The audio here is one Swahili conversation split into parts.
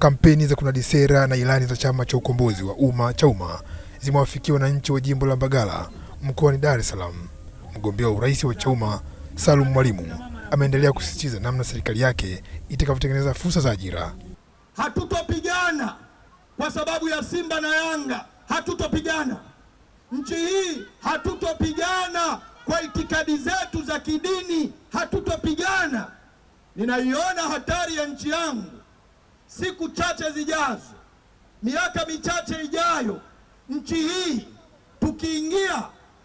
Kampeni za kunadi sera na ilani za Chama cha Ukombozi wa Umma CHAUMMA zimewafikia wananchi wa jimbo la Mbagala mkoani Dar es Salaam. Mgombea wa urais wa CHAUMMA Salum Mwalimu ameendelea kusisitiza namna serikali yake itakavyotengeneza fursa za ajira. Hatutopigana kwa sababu ya Simba na Yanga, hatutopigana nchi hii, hatutopigana kwa itikadi zetu za kidini, hatutopigana. Ninaiona hatari ya nchi yangu siku chache zijazo, miaka michache ijayo, nchi hii tukiingia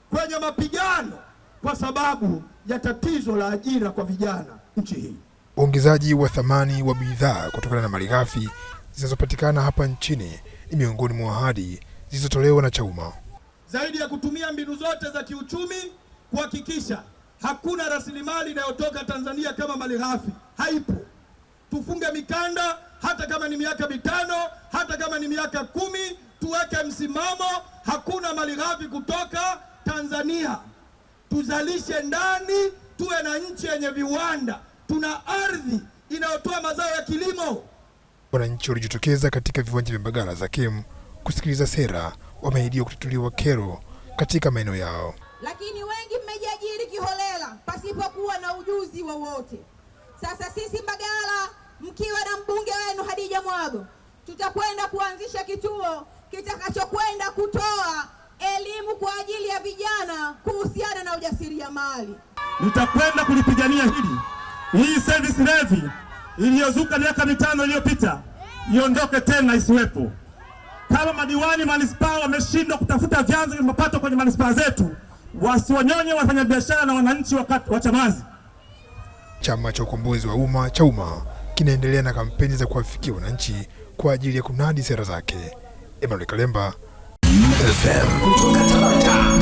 kwenye mapigano kwa sababu ya tatizo la ajira kwa vijana nchi hii. Uongezaji wa thamani wa bidhaa kutokana na malighafi zinazopatikana hapa nchini ni miongoni mwa ahadi zilizotolewa na Chauma, zaidi ya kutumia mbinu zote za kiuchumi kuhakikisha hakuna rasilimali inayotoka Tanzania kama malighafi haipo. Tufunge mikanda hata kama ni miaka mitano, hata kama ni miaka kumi, tuweke msimamo. Hakuna malighafi kutoka Tanzania, tuzalishe ndani, tuwe na nchi yenye viwanda, tuna ardhi inayotoa mazao ya kilimo. Wananchi walijitokeza katika viwanja vya Mbagala ZAKIMU kusikiliza sera, wameahidiwa kutatuliwa kero katika maeneo yao, lakini wengi mmejiajiri kiholela pasipokuwa na ujuzi wowote. Sasa sisi Mbagala tutakwenda kuanzisha kituo kitakachokwenda kutoa elimu kwa ajili ya vijana kuhusiana na ujasiriamali. Nitakwenda kulipigania hili, hii service levy iliyozuka miaka mitano iliyopita iondoke tena, isiwepo. Kama madiwani manispaa wameshindwa kutafuta vyanzo vya mapato kwenye manispaa zetu, wasiwanyonye wafanyabiashara na wananchi wa Chamazi. Chama cha Ukombozi wa Umma, umma kinaendelea na kampeni za kuwafikia wananchi kwa ajili ya kunadi sera zake. Emmanuel Kalemba FM.